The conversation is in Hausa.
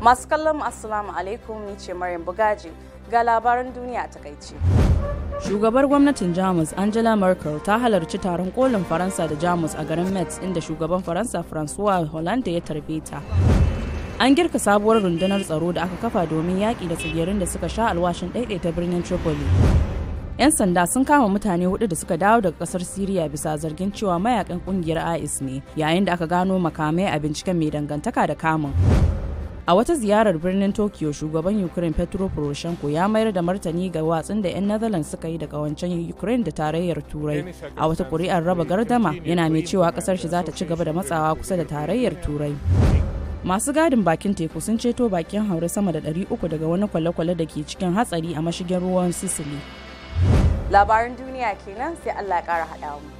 masu kallon assalamu alaikum ni ce maryam bugaji ga labaran duniya a takaice shugabar gwamnatin jamus angela merkel ta halarci taron kolin faransa da jamus a garin metz inda shugaban faransa francois hollande ya tarbe ta an girka sabuwar rundunar tsaro da aka kafa domin yaƙi da tsigerin da suka sha alwashin ɗaiɗaita birnin tripoli 'yan sanda sun kama mutane hudu da suka dawo daga kasar siriya bisa zargin cewa mayakan kungiyar is ne yayin da aka gano makamai a binciken mai dangantaka da kamun a wata ziyarar birnin tokyo shugaban ukraine petro poroshenko ya mayar da martani ga watsin da 'yan netherlands suka yi daga wancan ukraine da tarayyar turai a wata kuri'ar raba gardama yana mai cewa kasar shi za ta ci gaba da matsawa kusa da tarayyar turai masu gadin bakin teku sun ceto bakin haure sama da 300 daga wani kwale-kwale da ke cikin hatsari a mashigin ruwan sicily labarin duniya kenan sai allah ya kara haɗa